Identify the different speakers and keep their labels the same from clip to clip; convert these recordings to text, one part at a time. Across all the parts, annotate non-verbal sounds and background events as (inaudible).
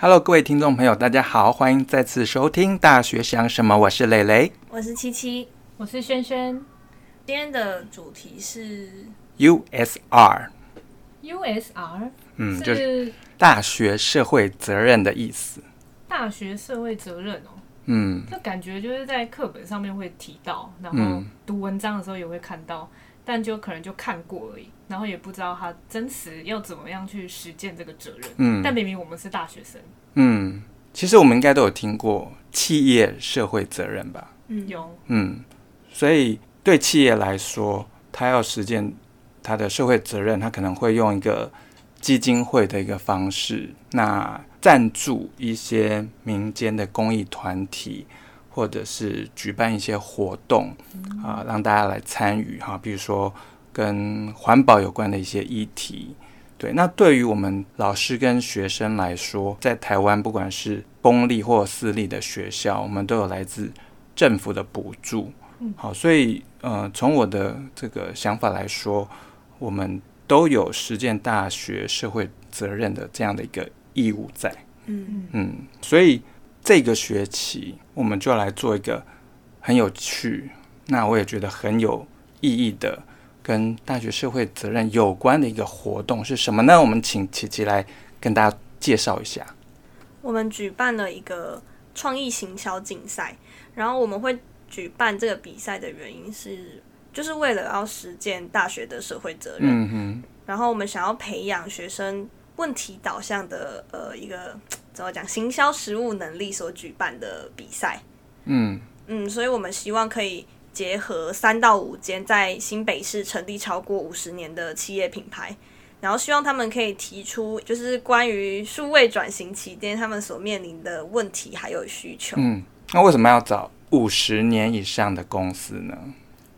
Speaker 1: Hello，各位聽眾朋友，大家好，歡迎再次收聽《大學想什麼》，我是蕾蕾，
Speaker 2: 我是七七，我是萱萱。今天的主題是
Speaker 1: USR，USR，USR?
Speaker 2: 嗯，是，就是
Speaker 1: 大學社會責任的意思。
Speaker 2: 大學社會責任哦，嗯，這感覺就是在課本上面會提到，然後讀文章的時候也會看到。但就可能就看過而已，然後也不知道他真實要怎麼樣去實踐這個責任。嗯，但明明我們是大學生。
Speaker 1: 嗯，其實我們應該都有聽過企業社會責任吧？嗯，
Speaker 2: 有。
Speaker 1: 嗯，所以對企業來說，他要實踐他的社會責任，他可能會用一個基金會的一個方式，那贊助一些民間的公益團體。或者是舉辦一些活動啊，呃，讓大家來參與哈，比如說跟環保有關的一些議題。對，那對於我們老師跟學生來說，在台灣不管是公立或私立的學校，我們都有來自政府的補助。好，所以呃，從我的這個想法來說，我們都有實踐大學社會責任的這樣的一個義務在。嗯嗯，所以。這個學期，我們就要來做一個很有趣，那我也覺得很有意義的，跟大學社會責任有關的一個活動是什麼呢？我們請琪琪來跟大家介紹一下。
Speaker 3: 我們舉辦了一個創意行銷競賽，然後我們會舉辦這個比賽的原因是，就是為了要實踐大學的社會責任。嗯哼。然後我們想要培養學生。問題導向的呃一個怎麼講行銷實務能力所舉辦的比賽，嗯嗯，所以我們希望可以結合三到五間在新北市成立超過五十年的企業品牌，然後希望他們可以提出就是關於數位轉型期間他們所面臨的問題還有需
Speaker 1: 求。嗯，那為什麼要找五十年以上的公司呢？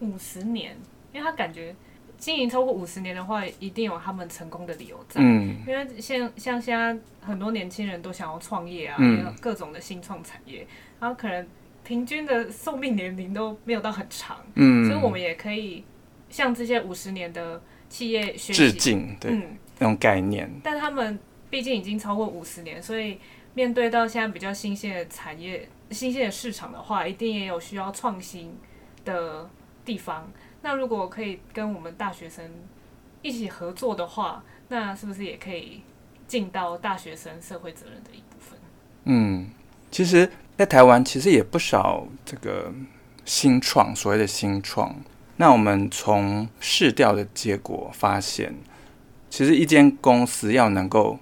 Speaker 3: 五十
Speaker 2: 年，因為他感覺。經營超過五十年的話，一定有他們成功的理由在。嗯，因為像像現在很多年輕人都想要創業啊，嗯、各種的新創產業，然後可能平均的壽命年齡都沒有到很長。嗯，所以我們也可以向這些五十年的企業學習致
Speaker 1: 敬，對，那、嗯、種概念。
Speaker 2: 但他們畢竟已經超過五十年，所以面對到現在比較新鮮的產業、新鮮的市場的話，一定也有需要創新的地方。那如果可以跟我們大學生一起合作的話，那是不是也可以盡到大學生社會責任的一部分？
Speaker 1: 嗯，其實，在台灣其實也不少這個新創，所謂的新創。那我們從市調的結果發現，其實一間公司要能夠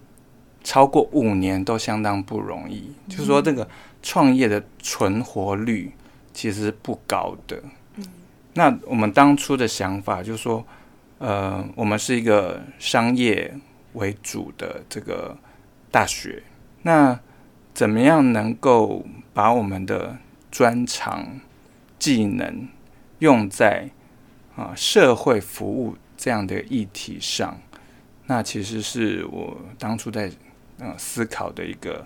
Speaker 1: 超過五年都相當不容易，嗯、就是說這個創業的存活率其實不高的。嗯。那我們當初的想法就是說，呃，我們是一個商業為主的這個大學，那怎麼樣能夠把我們的專長技能用在啊，呃，社會服務這樣的議題上？那其實是我當初在，呃，思考的一個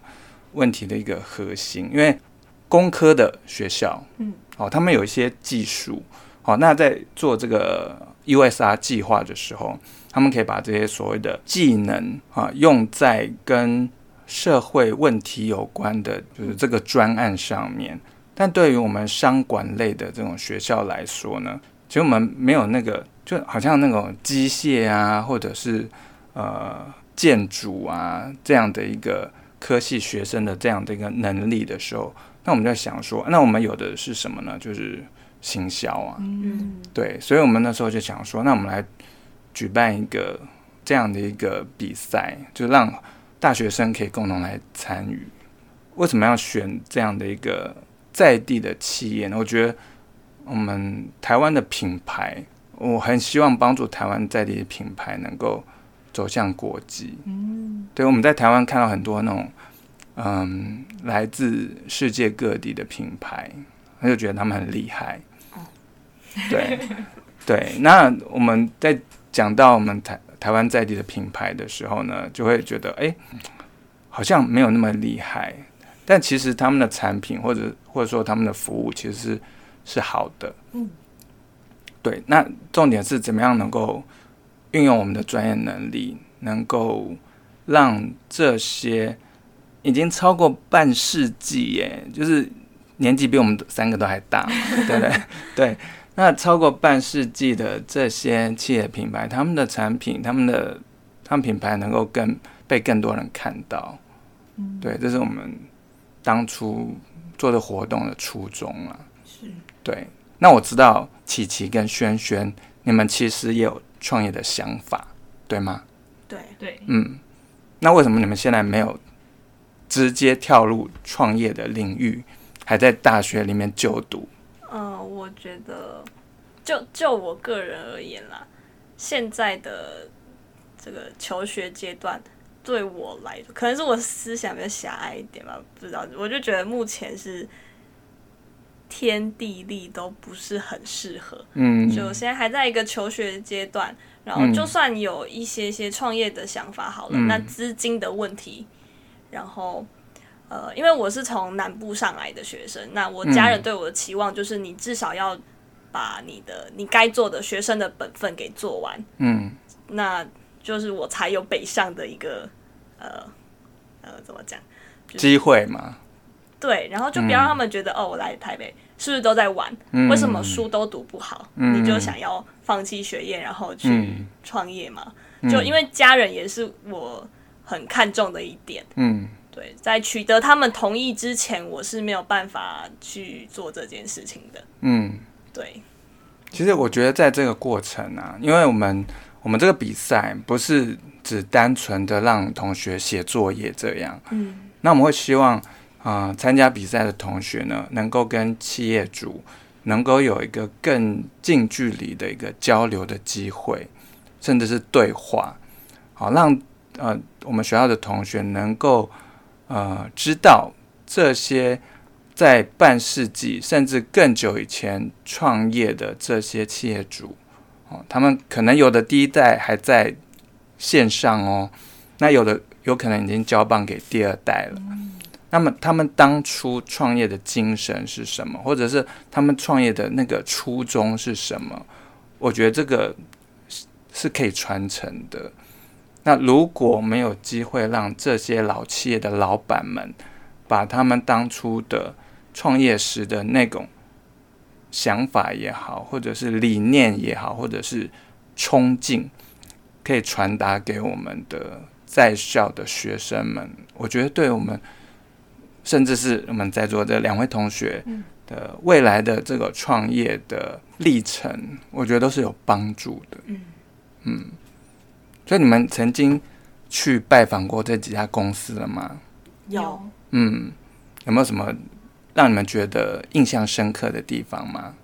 Speaker 1: 問題的一個核心，因為工科的學校，嗯，哦，他們有一些技術。好，那在做這個 USR 計劃的時候，他們可以把這些所謂的技能啊，用在跟社會問題有關的，就是這個專案上面。但對於我們商管類的這種學校來說呢，其實我們沒有那個，就好像那種機械啊，或者是呃建築啊這樣的一個科系學生的這樣的一個能力的時候，那我們在想說，那我們有的是什麼呢？就是。行銷啊，嗯，對，所以我們那時候就想說，那我們來舉辦一個這樣的一個比賽，就讓大學生可以共同來參與。為什麼要選這樣的一個在地的企業呢？我覺得我們台灣的品牌，我很希望幫助台灣在地的品牌能夠走向國際。嗯，對，我們在台灣看到很多那種，嗯，來自世界各地的品牌，他就覺得他們很厲害。 (laughs) 對對，那我們在講到我們台台灣在地的品牌的時候呢，就會覺得哎、欸，好像沒有那麼厲害，但其實他們的產品或者或者說他們的服務其實是，是好的、嗯。對。那重點是怎麼樣能夠運用我們的專業能力，能夠讓這些已經超過半世紀耶，就是年紀比我們三個都還大，對 (laughs) 不對？對。那超過半世紀的這些企業品牌，他們的產品，他們的他們品牌能夠更被更多人看到。嗯，對，這是我們當初做的活動的初衷啊。對。那我知道琪琪跟軒軒，你們其實也有創業的想法，對嗎？
Speaker 2: 對對。嗯，
Speaker 1: 那為什麼你們現在沒有直接跳入創業的領域，還在大學裡面就讀？
Speaker 3: 我覺得，就就我個人而言啦，現在的這個求學階段對我來，可能是我思想比較狹隘一點吧，不知道。我就覺得目前是天地利都不是很適合，嗯，就現在還在一個求學階段，然後就算有一些些創業的想法好了，嗯、那資金的問題，然後。呃，因為我是從南部上來的學生，那我家人對我的期望就是你至少要把你的你該做的學生的本分給做完，嗯，那就是我才有北上的一個呃呃怎麼講、就
Speaker 1: 是、機會嘛，
Speaker 3: 對，然後就不要讓他們覺得、嗯、哦，我來台北是不是都在玩、嗯？為什麼書都讀不好？嗯、你就想要放棄學業，然後去創業嘛、
Speaker 1: 嗯？就因為
Speaker 3: 家人也是我很看重的一點，嗯。對，在取得他們同意之前，我是沒有辦法去做這件事情的。嗯，對。
Speaker 1: 其實我覺得在這個過程啊，因為我們我們這個比賽不是只單純的讓同學寫作業這樣。嗯。那我們會希望啊，呃，參加比賽的同學呢，能夠跟企業主能夠有一個更近距離的一個交流的機會，甚至是對話。好，讓呃我們學校的同學能夠。呃，知道這些在半世紀甚至更久以前創業的這些企業主，哦，他們可能有的第一代還在線上哦，那有的有可能已經交棒給第二代了。那麼、嗯、他，他們當初創業的精神是什麼，或者是他們創業的那個初衷是什麼？我覺得這個是可以傳承的。那如果沒有機會讓這些老企業的老闆們，把他們當初的創業時的那種想法，也好，或者是理念也好，或者是衝勁，可以傳達給我們的在校的學生們，我覺得對我們，甚至是我們在座的兩位同學的未來的這個創業的歷程，我覺得都是有幫助的。嗯。嗯。所以你們曾經去拜訪過這幾家公司了嗎？
Speaker 3: 有。
Speaker 1: 嗯，有沒有什麼讓你們覺得印象深刻的地方嗎？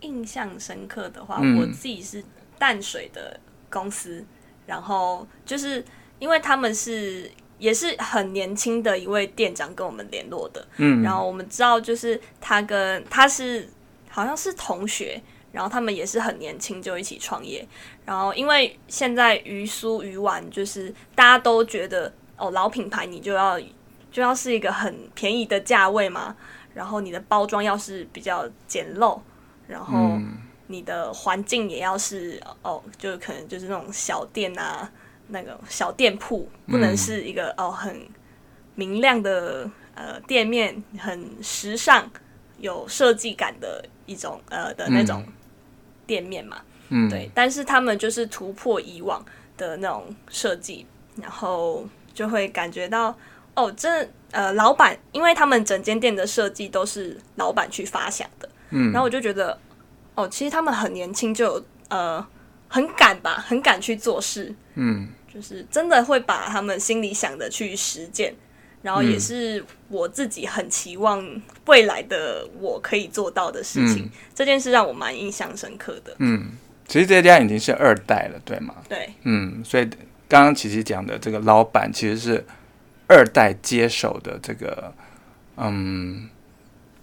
Speaker 3: 印象深刻的話，嗯，我自己是淡水的公司，然後就是因為他們是也是很年輕的一位店長跟我們聯絡的，嗯，然後我們知道就是他跟他是好像是同學。然後他們也是很年輕就一起創業。然後因為現在魚酥魚丸，就是大家都覺得哦，老品牌你就要就要是一個很便宜的價位嘛。然後你的包裝要是比較簡陋，然後你的環境也要是哦，就可能就是那種小店啊，那個小店鋪不能是一個、嗯、哦很明亮的呃店面，很時尚有設計感的一種呃的那種。嗯店面嘛，嗯，對，但是他們就是突破以往的那種設計，然後就會感覺到，哦，這，呃，老闆，因為他們整間店的設計都是老闆去發想的，嗯，然後我就覺得，哦，其實他們很年輕，就呃，很敢吧，很敢去做事，嗯，就是真的會把他們心裡想的去實踐。然後也是我自己很期望未來的我可以做到的事情、嗯，這件事讓我蠻印象深刻的。嗯，其
Speaker 1: 實這家已經是二代了，對嗎？對，嗯，所以剛剛琪琪講的這個老闆其實是二代接手的。這個，嗯，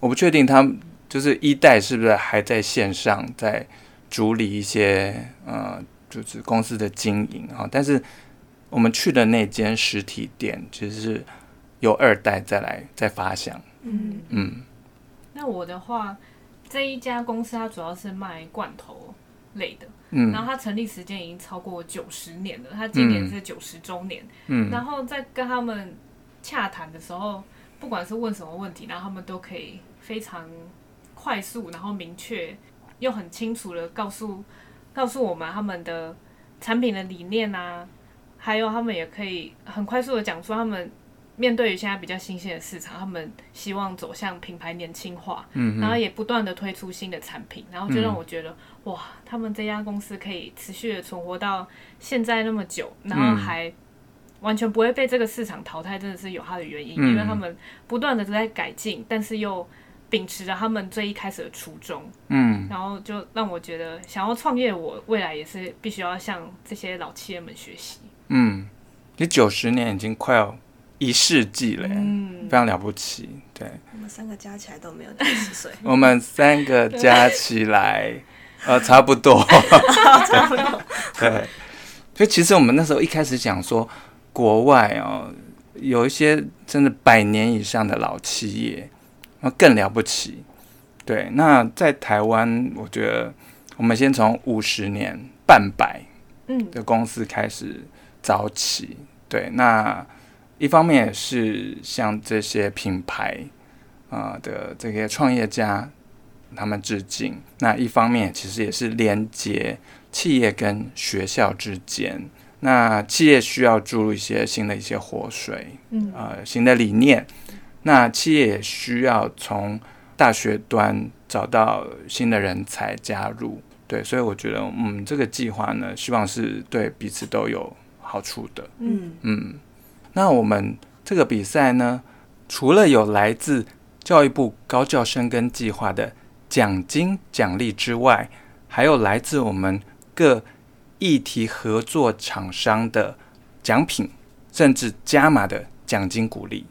Speaker 1: 我不確定他就是一代是不是還在線上在處理一些、呃、就是公司的經營啊。但是我們去的那間實體店其實、就是。有二代再來再發想。嗯
Speaker 2: 嗯，那我的話，這一家公司它主要是賣罐頭類的。嗯，然後它成立時間已經超過九十年了，它今年是九十週年。嗯，然後在跟他們洽談的時候，嗯，不管是問什麼問題，然後他們都可以非常快速，然後明確又很清楚的告訴告訴我們他們的產品的理念啊，還有他們也可以很快速的講出他們，面對於現在比較新鮮的市場，他們希望走向品牌年輕化，嗯，然後也不斷的推出新的產品，然後就讓我覺得，嗯、哇，他們這家公司可以持續的存活到現在那麼久，然後還完全不會被這個市場淘汰，真的是有它的原因，嗯、因為他們不斷的在改進，但是又秉持着他們最一開始的初衷，嗯，然後就讓我覺得，想要創業我，我未來也是必須要向這些老企業們學習，嗯，
Speaker 1: 你九十年已經快要、哦。一世紀了、欸嗯，非常了不起。對，我們
Speaker 3: 三個加起來都沒有幾十歲。 (laughs) 我們三個加起來，呃，差不多。差不
Speaker 1: 多。對，所以其實我們那時候一開始講說，國外哦，有一些真的百年以上的老企業，那更了不起。對，那在台灣，我覺得我們先從五十年、半百的、嗯、公司開始早起。對，那。一方面也是向這些品牌啊、呃、的這些創業家他們致敬，那一方面其實也是連接企業跟學校之間。那企業需要注入一些新的一些活水，嗯，啊、呃，新的理念。那企業也需要從大學端找到新的人才加入，對。所以我覺得，嗯，這個計劃呢，希望是對彼此都有好處的。嗯嗯。那我們這個比賽呢，除了有來自教育部高教深耕計劃的獎金獎勵之外，還有來自我們各議題合作廠商的獎品，甚至加碼的獎金鼓勵。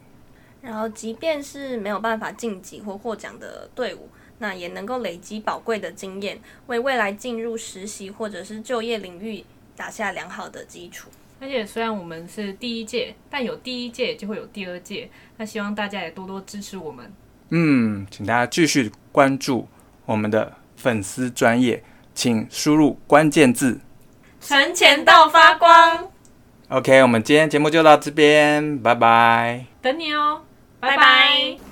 Speaker 3: 然後，即便是沒有辦法晉級或獲獎的隊伍，那也能夠累積寶貴的經驗，為未來進入實習或者是就業領域打下良好的基礎。而且雖然我們是第一屆，
Speaker 2: 但有第一屆就會有第二屆。那希望大家也多多支持我們。
Speaker 1: 嗯，請大家繼續關注我們的粉絲專頁，請輸入關鍵字
Speaker 3: “存錢到發光”。
Speaker 1: OK，我們今天節目就到這邊，拜拜。
Speaker 2: 等你哦，拜拜。拜拜。